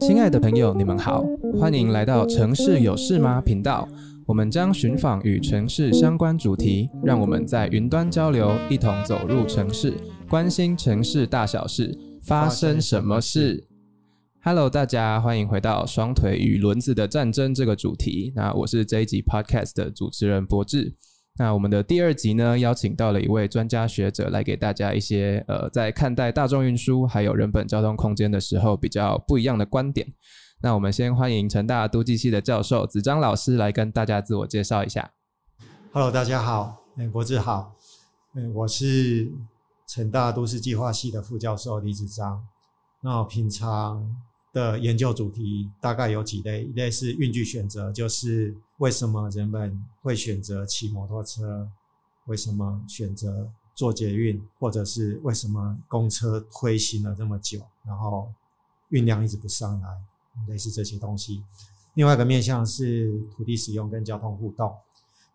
親愛的朋友，你們好，歡迎來到城市有事嗎頻道。我們將尋訪與城市相關主題，讓我們在雲端交流，一同走入城市，關心城市大小事，發生什麼事？Hello，大家歡迎回到雙腿與輪子的戰爭這個主題。那我是這一集 Podcast 的主持人柏智。那我們的第二集呢，邀請到了一位專家學者來給大家一些呃，在看待大眾運輸還有人本交通空間的時候比較不一樣的觀點。那我們先歡迎成大都計系的教授李子璋老師來跟大家自我介紹一下。Hello，大家好，嗯，柏智好，嗯，我是成大都市計劃系的副教授李子璋。那我平常的研究主題大概有幾類，一類是運具選擇，就是。為什麼人們會選擇騎摩托車？為什麼選擇坐捷運，或者是為什麼公車推行了這麼久，然後運量一直不上來？類似這些東西。另外一個面向是土地使用跟交通互動，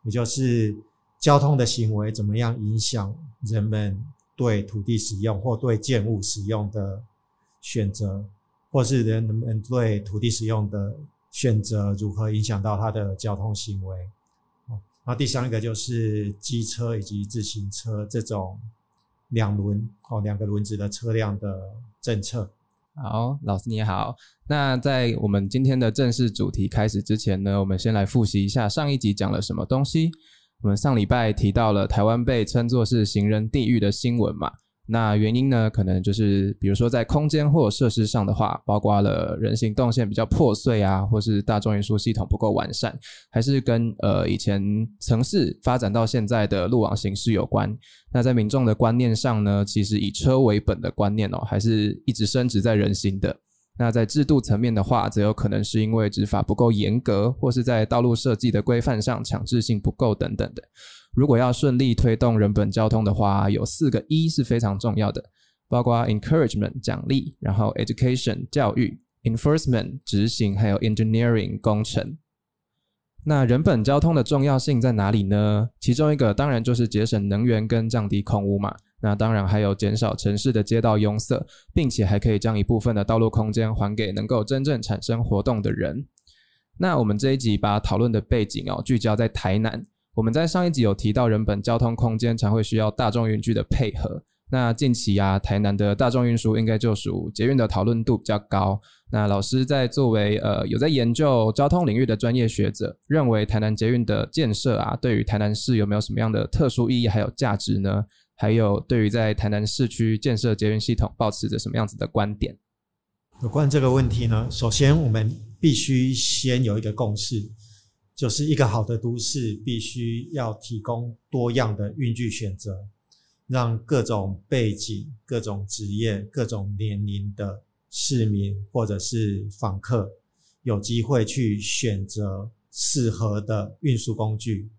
也就是交通的行為怎麼樣影響人們對土地使用或對建物使用的選擇，或是人們對土地使用的選擇如何影響到他的交通行為，那第三個就是機車以及自行車這種兩輪哦，兩個輪子的車輛的政策。好，老師你好。那在我們今天的正式主題開始之前呢，我們先來複習一下上一集講了什麼東西。我們上禮拜提到了台灣被稱作是行人地獄的新聞嘛。那原因呢？可能就是，比如說在空間或設施上的話，包括了人行動線比較破碎啊，或是大眾運輸系統不夠完善，還是跟呃以前城市發展到現在的路網形式有關。那在民眾的觀念上呢，其實以車為本的觀念哦，還是一直深植在人心的。那在制度層面的話，則有可能是因為執法不夠嚴格，或是在道路設計的規範上強制性不夠等等的。如果要順利推動人本交通的話，有四個 E 是非常重要的，包括 encouragement 獎勵，然後 education 教育，enforcement 執行，還有 engineering 工程。那人本交通的重要性在哪裡呢？其中一個當然就是節省能源跟降低空污嘛。那當然還有減少城市的街道擁塞，並且還可以將一部分的道路空間還給能夠真正產生活動的人。那我們這一集把討論的背景哦聚焦在台南。我們在上一集有提到，人本交通空間才會需要大眾運具的配合。那近期啊，台南的大眾運輸應該就屬捷運的討論度比較高。那老師在作為呃有在研究交通領域的專業學者，認為台南捷運的建設啊，對於台南市有沒有什麼樣的特殊意義還有價值呢？還有對於在台南市區建設捷運系統，抱持著什麼樣子的觀點？有關這個問題呢，首先我們必須先有一個共識。就是一個好的都市，必須要提供多樣的運具選擇，讓各種背景、各種職業、各種年齡的市民或者是訪客，有機會去選擇適合的運輸工具。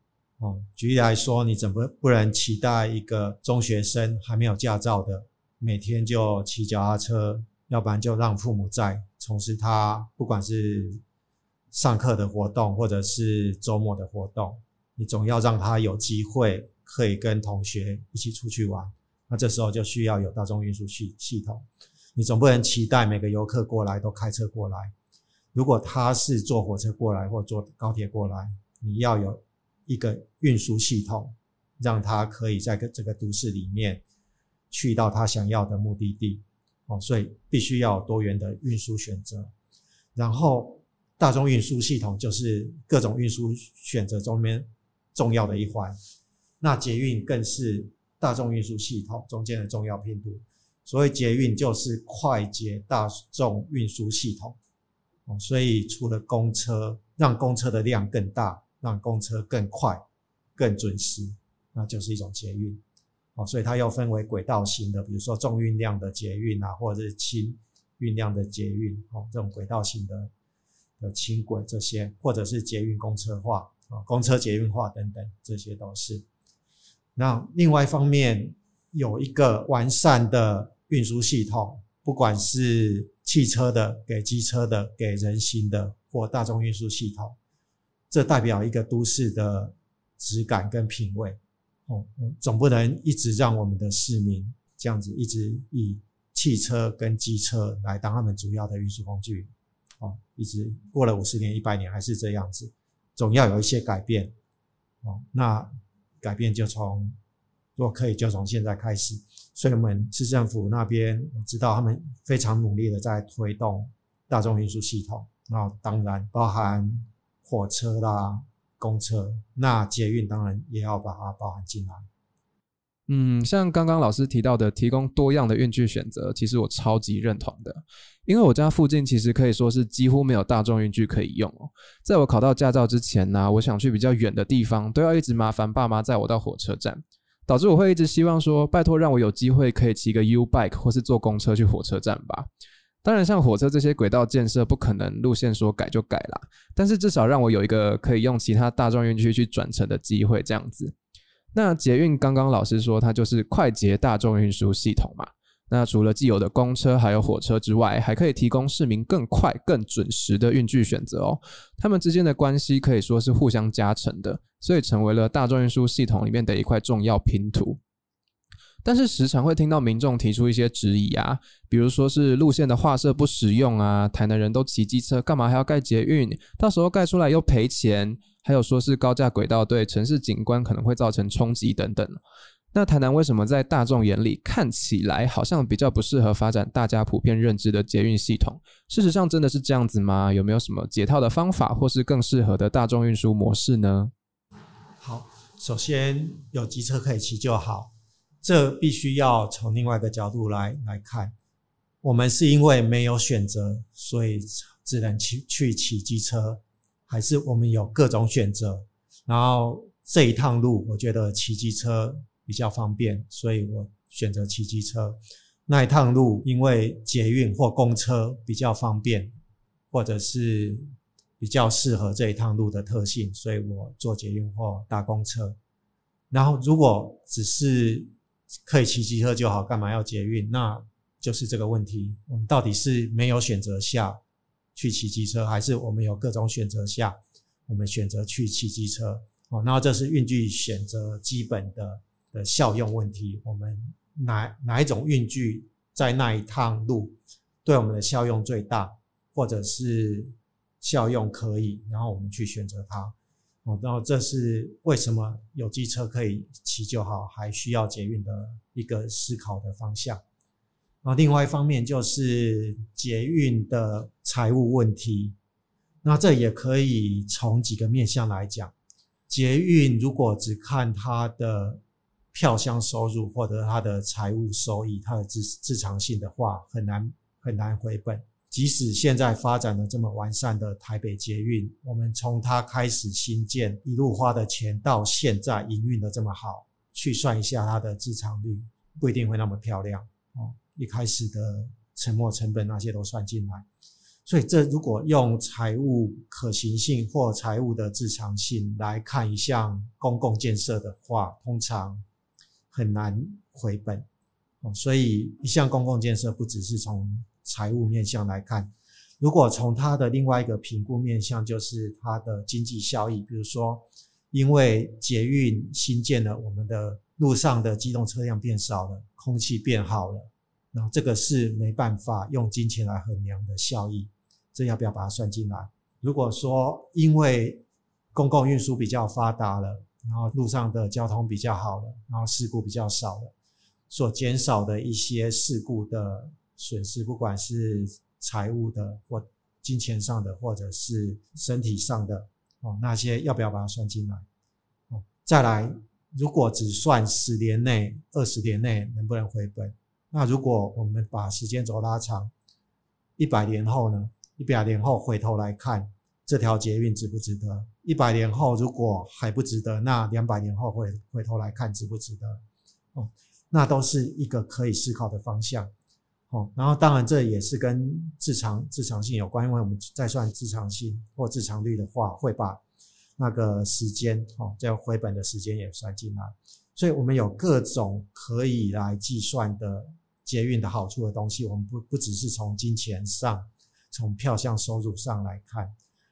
哦，舉例來說，你怎麼不能期待一個中學生還沒有駕照的，每天就騎腳踏車，要不然就讓父母載從事他，不管是。上課的活動或者是周末的活動，你總要讓他有機會可以跟同學一起出去玩。那這時候就需要有大眾運輸系系統。你總不能期待每個遊客過來都開車過來。如果他是坐火車過來或坐高鐵過來，你要有一個運輸系統，讓他可以在這個都市裡面去到他想要的目的地。哦，所以必須要有多元的運輸選擇，然後。大眾運輸系統就是各種運輸選擇中間重要的一環，那捷運更是大眾運輸系統中間的重要拼圖。所謂捷運就是快捷大眾運輸系統，所以除了公車，讓公車的量更大，讓公車更快、更準時，那就是一種捷運，哦，所以它又分為軌道型的，比如說重運量的捷運啊，或者是輕運量的捷運，哦，這種軌道型的。有輕軌這些，或者是捷運公車化啊，公車捷運化等等，這些都是。那另外一方面，有一個完善的運輸系統，不管是汽車的、給機車的、給人行的或大眾運輸系統，這代表一個都市的質感跟品味。哦，總不能一直讓我們的市民這樣子一直以汽車跟機車來當他們主要的運輸工具。哦，一直過了五十年、一百年還是這樣子，總要有一些改變。哦，那改變就從，若可以就從現在開始。所以我們市政府那邊，我知道他們非常努力的在推動大眾運輸系統。那當然包含火車啦、公車，那捷運當然也要把它包含進來。嗯，像剛剛老師提到的，提供多樣的運具選擇，其實我超級認同的。因為我家附近其實可以說是幾乎沒有大眾運具可以用哦。在我考到駕照之前呢、啊，我想去比較遠的地方，都要一直麻煩爸媽載我到火車站，導致我會一直希望說，拜託讓我有機會可以騎個 U bike 或是坐公車去火車站吧。當然，像火車這些軌道建設不可能路線說改就改啦，但是至少讓我有一個可以用其他大眾運具去轉乘的機會，這樣子。那捷運剛剛老師說，它就是快捷大眾運輸系統嘛。那除了既有的公車還有火車之外，還可以提供市民更快、更準時的運具選擇哦。他們之間的關係可以說是互相加成的，所以成為了大眾運輸系統裡面的一塊重要拼圖。但是時常會聽到民眾提出一些質疑啊，比如說是路線的劃設不實用啊，台南人都騎機車，幹嘛還要蓋捷運？到時候蓋出來又賠錢。還有說是高架軌道對城市景觀可能會造成衝擊等等。那台南為什麼在大眾眼裡看起來好像比較不適合發展大家普遍認知的捷運系統？事實上真的是這樣子嗎？有沒有什麼解套的方法，或是更適合的大眾運輸模式呢？好，首先有機車可以騎就好，這必須要從另外一個角度來來看。我們是因為沒有選擇，所以只能騎去騎機車。還是我們有各種選擇，然後這一趟路我覺得騎機車比較方便，所以我選擇騎機車。那一趟路因為捷運或公車比較方便，或者是比較適合這一趟路的特性，所以我坐捷運或搭公車。然後如果只是可以騎機車就好，幹嘛要捷運？那就是這個問題，我們到底是沒有選擇下？去騎機車，還是我們有各種選擇下，我們選擇去騎機車。哦，然後這是運具選擇基本的的效用問題，我們哪哪一種運具在那一趟路對我們的效用最大，或者是效用可以，然後我們去選擇它。哦，然後這是為什麼有機車可以騎就好，還需要捷運的一個思考的方向。啊，然後另外一方面就是捷運的財務問題。那這也可以從幾個面向來講。捷運如果只看它的票箱收入或者它的財務收益，它的自自償性的話，很難很難回本。即使現在發展的這麼完善的台北捷運，我們從它開始興建一路花的錢到現在營運的這麼好，去算一下它的自償率，不一定會那麼漂亮啊。一開始的沉沒成本那些都算進來，所以這如果用財務可行性或財務的自償性來看一項公共建設的話，通常很難回本。所以一項公共建設不只是從財務面向來看，如果從它的另外一個評估面向，就是它的經濟效益，比如說因為捷運新建了，我們的路上的機動車輛變少了，空氣變好了。然後這個是沒辦法用金錢來衡量的效益，這要不要把它算進來？如果說因為公共運輸比較發達了，然後路上的交通比較好了，然後事故比較少了，所減少的一些事故的損失，不管是財務的或金錢上的，或者是身體上的，哦，那些要不要把它算進來？哦，再來，如果只算十年內、二十年內能不能回本？那如果我們把時間軸拉長，一百年後呢？一百年後回頭來看，這條捷運值不值得？一百年後如果還不值得，那兩百年後回回頭來看值不值得？哦，那都是一個可以思考的方向。哦，然後當然這也是跟自償自償性有關，因為我們在算自償性或自償率的話，會把那個時間，哦，這樣回本的時間也算進來。所以我們有各種可以來計算的。捷運的好處的東西，我們不不只是從金錢上，從票箱收入上來看。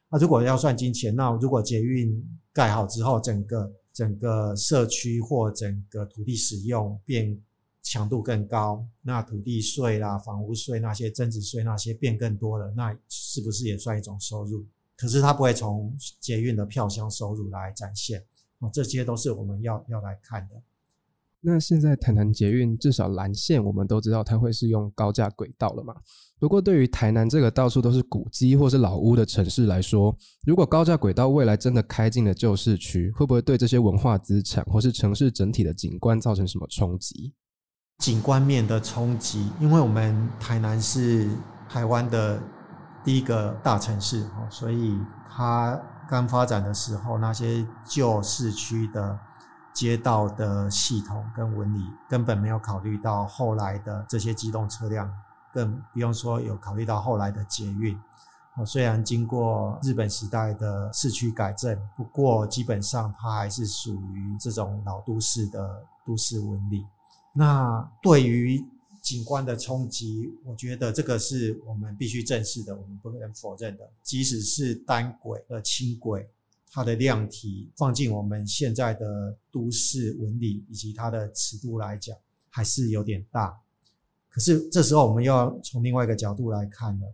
那如果要算金錢，那如果捷運蓋好之後，整個整個社區或整個土地使用變強度更高，那土地稅啦、房屋稅那些、增值稅那些變更多了，那是不是也算一種收入？可是它不會從捷運的票箱收入來展現。啊，這些都是我們要要來看的。那現在談談捷運，至少藍線我們都知道它會是用高架軌道了嘛？不過對於台南這個到處都是古蹟或是老屋的城市來說，如果高架軌道未來真的開進了舊市區，會不會對這些文化資產或是城市整體的景觀造成什麼衝擊？景觀面的衝擊，因為我們台南是台灣的第一個大城市，所以它剛發展的時候那些舊市區的。街道的系統跟紋理根本沒有考慮到後來的這些機動車輛，更不用說有考慮到後來的捷運。雖然經過日本時代的市區改正，不過基本上它還是屬於這種老都市的都市紋理。那對於景觀的衝擊，我覺得這個是我們必須正視的，我們不能否認的。即使是單軌和輕軌。它的量體放進我們現在的都市紋理以及它的尺度來講，還是有點大。可是這時候，我們要從另外一個角度來看了。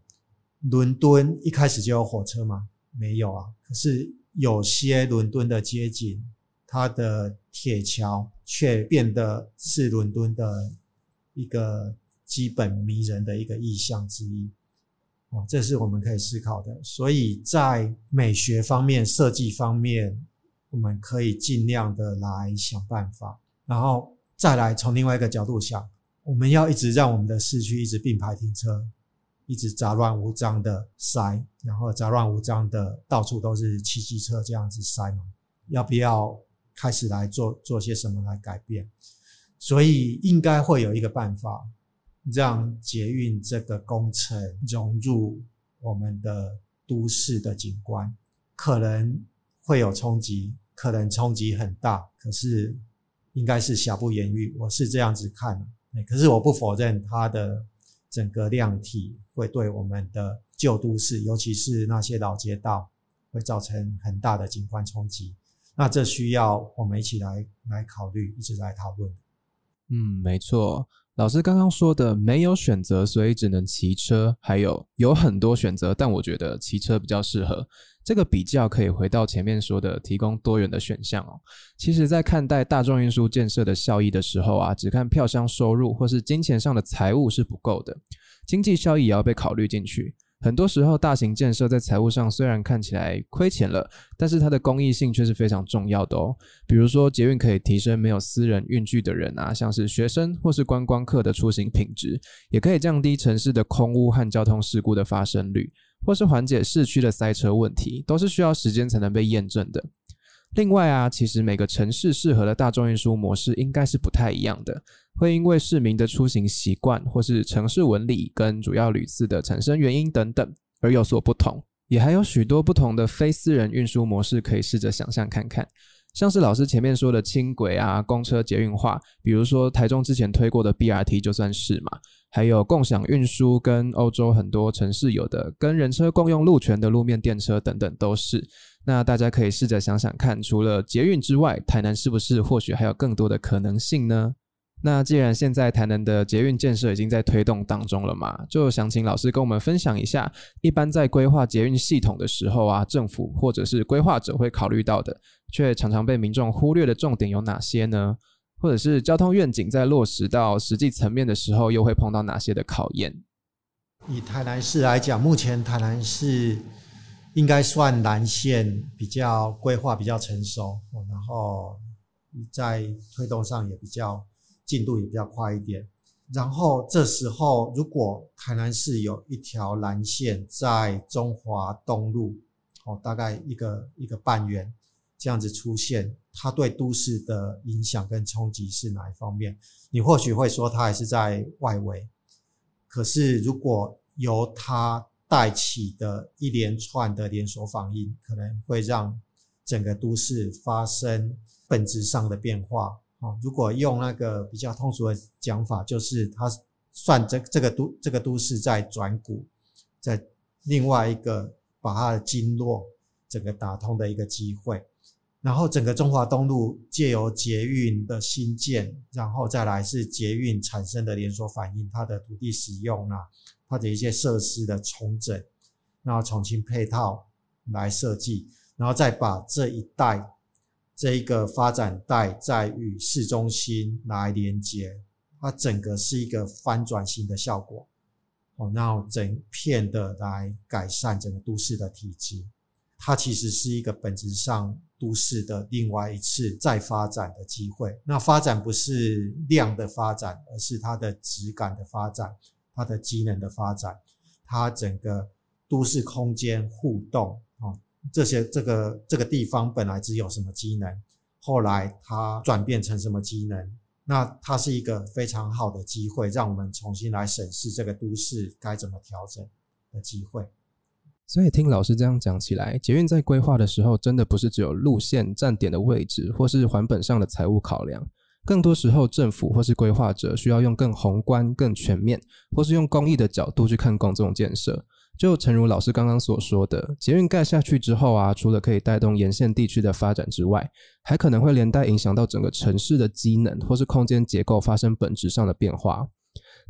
倫敦一開始就有火車嗎？沒有啊。可是有些倫敦的街景，它的鐵橋卻變得是倫敦的一個基本迷人的一個意象之一。哦，這是我們可以思考的。所以在美學方面、設計方面，我們可以盡量的來想辦法，然後再來從另外一個角度想：我們要一直讓我們的市區一直並排停車，一直雜亂無章的塞，然後雜亂無章的到處都是汽機車，車這樣子塞嘛，要不要開始來做，做些什麼來改變？所以應該會有一個辦法。讓捷運這個工程融入我們的都市的景觀，可能會有衝擊，可能衝擊很大，可是應該是瑕不掩瑜，我是這樣子看，欸。可是我不否認它的整個量體會對我們的舊都市，尤其是那些老街道，會造成很大的景觀衝擊。那這需要我們一起來來考慮，一起來討論。嗯，沒錯。老師剛剛說的沒有選擇，所以只能騎車。還有有很多選擇，但我覺得騎車比較適合。這個比較可以回到前面說的，提供多元的選項哦、喔。其實，在看待大眾運輸建設的效益的時候啊，只看票箱收入或是金錢上的財務是不夠的，經濟效益也要被考慮進去。很多時候，大型建設在財務上雖然看起來虧錢了，但是它的公益性卻是非常重要的哦。比如說，捷運可以提升沒有私人運具的人啊，像是學生或是觀光客的出行品質，也可以降低城市的空污和交通事故的發生率，或是緩解市區的塞車問題，都是需要時間才能被驗證的。另外啊，其實每個城市適合的大眾運輸模式應該是不太一樣的，會因為市民的出行習慣或是城市紋理跟主要旅次的產生原因等等而有所不同。也還有許多不同的非私人運輸模式可以試着想象看看，像是老師前面說的輕軌啊、公車捷運化，比如說台中之前推過的 BRT 就算是嘛，還有共享運輸跟歐洲很多城市有的、跟人車共用路權的路面電車等等都是。那大家可以試着想想看，除了捷運之外，台南是不是或許還有更多的可能性呢？那既然現在台南的捷運建設已經在推動當中了嘛，就想請老師跟我們分享一下，一般在規劃捷運系統的時候啊，政府或者是規劃者會考慮到的，卻常常被民眾忽略的重點有哪些呢？或者是交通願景在落實到實際層面的時候，又會碰到哪些的考驗？以台南市來講，目前台南市。應該算藍線比較規劃比較成熟，然後在推動上也比較進度也比較快一點。然後這時候，如果台南市有一條藍線在中華東路，哦，大概一個一個半圓這樣子出現，它對都市的影響跟衝擊是哪一方面？你或許會說它還是在外圍，可是如果由它。帶起的一連串的連鎖反應，可能會讓整個都市發生本質上的變化。如果用那個比較通俗的講法，就是它算這這個都這個都市在轉骨，在另外一個把它的經絡整個打通的一個機會。然後整個中華東路借由捷運的興建，然後再來是捷運產生的連鎖反應，它的土地使用啊它的一些設施的重整，然後重新配套來設計，然後再把這一帶這一個發展帶再與市中心來連接，它整個是一個翻轉型的效果。哦，然後整片的來改善整個都市的體質，它其實是一個本質上都市的另外一次再發展的機會。那發展不是量的發展，而是它的質感的發展。它的機能的發展，它整個都市空間互動啊、哦，這些這個這個地方本來只有什麼機能，後來它轉變成什麼機能，那它是一個非常好的機會，讓我們重新來審視這個都市該怎麼調整的機會。所以聽老師這樣講起來，捷運在規劃的時候，真的不是只有路線站點的位置，或是還本上的財務考量。更多時候，政府或是規劃者需要用更宏觀、更全面，或是用公益的角度去看公眾建設。就誠如老師剛剛所說的，捷運蓋下去之後啊，除了可以帶動沿線地區的發展之外，還可能會連帶影響到整個城市的機能或是空間結構發生本質上的變化。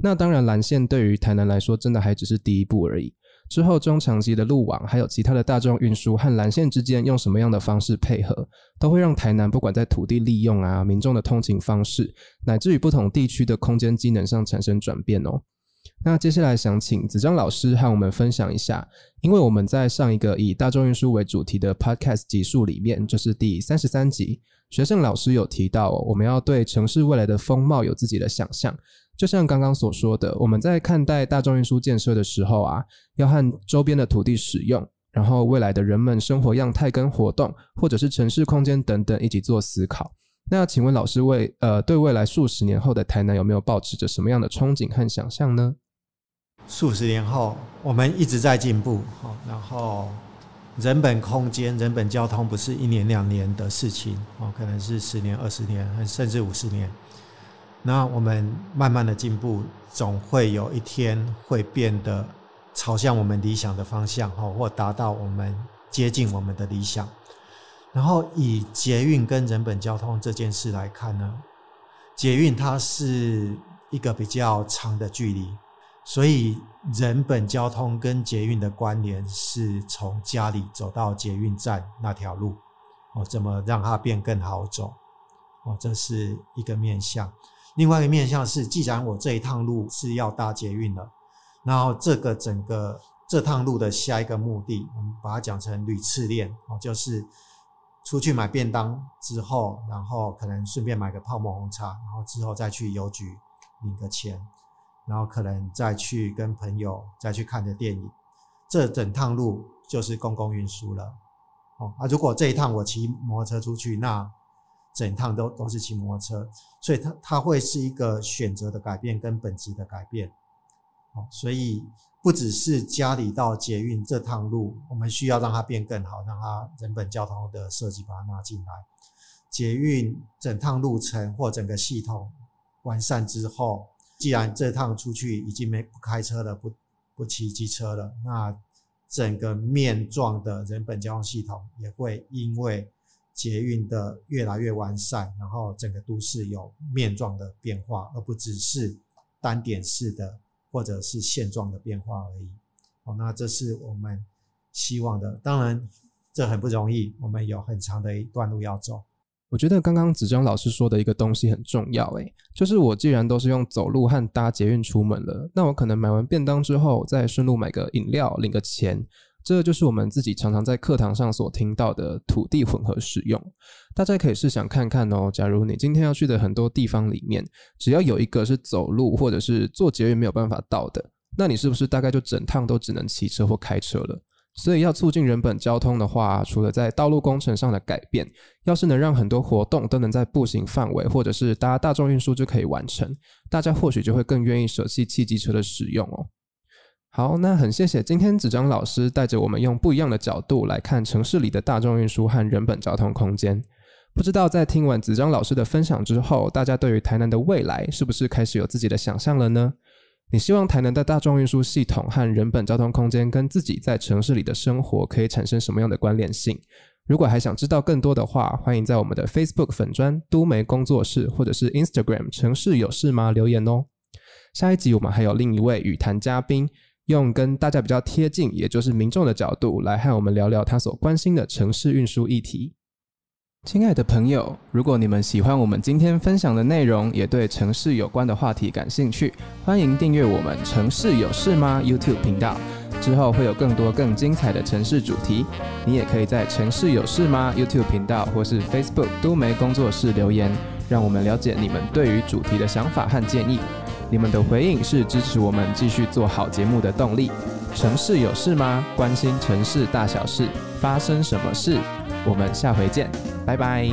那當然，藍線對於台南來說，真的還只是第一步而已。之後中長期的路網，還有其他的大眾運輸和藍線之間用什麼樣的方式配合，都會讓台南不管在土地利用啊、民眾的通勤方式，乃至於不同地區的空間機能上產生轉變哦。那接下來想請子璋老師和我們分享一下，因為我們在上一個以大眾運輸為主題的 Podcast 集數裡面，就是第三十三集，學生老師有提到，我們要對城市未來的風貌有自己的想象。就像剛剛所說的，我們在看待大眾運輸建設的時候啊，要和周邊的土地使用，然後未來的人們生活樣態跟活動，或者是城市空間等等一起做思考。那請問老師為呃，對未來數十年後的台南有沒有抱持着什麼樣的憧憬和想象呢？數十年後，我們一直在進步哈，然後人本空間、人本交通不是一年兩年的事情哦，可能是十年、二十年，甚至五十年。那我們慢慢的進步，總會有一天會變得朝向我們理想的方向哈，或達到我們接近我們的理想。然後以捷運跟人本交通這件事來看呢，捷運它是一個比較長的距離，所以人本交通跟捷運的關聯是從家裡走到捷運站那條路哦，怎麼讓它變更好走哦，這是一個面向。另外一個面向是，既然我這一趟路是要搭捷運了，然後這個整個這趟路的下一個目的，我們把它講成旅次鏈，就是出去買便當之後，然後可能順便買個泡沫紅茶，然後之後再去郵局領個錢，然後可能再去跟朋友再去看個電影，這整趟路就是公共運輸了。哦，啊，如果這一趟我騎摩托車出去，那。整趟都都是騎摩托車，所以它它會是一個選擇的改變跟本質的改變，哦，所以不只是家裡到捷運這趟路，我們需要讓它變更好，讓它人本交通的設計把它拿進來。捷運整趟路程或整個系統完善之後，既然這趟出去已經沒不開車了，不不騎機車了，那整個面狀的人本交通系統也會因為。捷運的越來越完善，然後整個都市有面狀的變化，而不只是單點式的或者是線狀的變化而已。好，那這是我們希望的。當然，這很不容易，我們有很長的一段路要走。我覺得剛剛子璋老師說的一個東西很重要，欸，誒，就是我既然都是用走路和搭捷運出門了，那我可能買完便當之後，再順路買個飲料，領個錢。這就是我們自己常常在課堂上所聽到的土地混合使用。大家可以試想看看哦，假如你今天要去的很多地方裡面，只要有一個是走路或者是坐捷運沒有辦法到的，那你是不是大概就整趟都只能騎車或開車了？所以要促進人本交通的話，除了在道路工程上的改變，要是能讓很多活動都能在步行範圍或者是搭大眾運輸就可以完成，大家或許就會更願意舍棄汽，汽機車的使用哦。好，那很謝謝今天子璋老師帶着我們用不一樣的角度來看城市裡的大眾運輸和人本交通空間。不知道在聽完子璋老師的分享之後，大家對於台南的未來是不是開始有自己的想象了呢？你希望台南的大眾運輸系統和人本交通空間跟自己在城市裡的生活可以產生什麼樣的關聯性？如果還想知道更多的話，歡迎在我們的 Facebook 粉專、都媒工作室或者是 Instagram 城市有事嗎留言哦。下一集我們還有另一位與談嘉賓，用跟大家比較貼近，也就是民眾的角度來和我們聊聊他所關心的城市運輸議題。親愛的朋友，如果你們喜歡我們今天分享的內容，也對城市有關的話題感興趣，歡迎訂閱我們“城市有事嗎 ”YouTube 頻道。之後會有更多更精彩的城市主題。你也可以在“城市有事嗎 ”YouTube 頻道或是 Facebook 都媒工作室留言，讓我們了解你們對於主題的想法和建議。你們的回應是支持我們繼續做好節目的動力。城市有事嗎？關心城市大小事，發生什麼事？我們下回見，拜拜。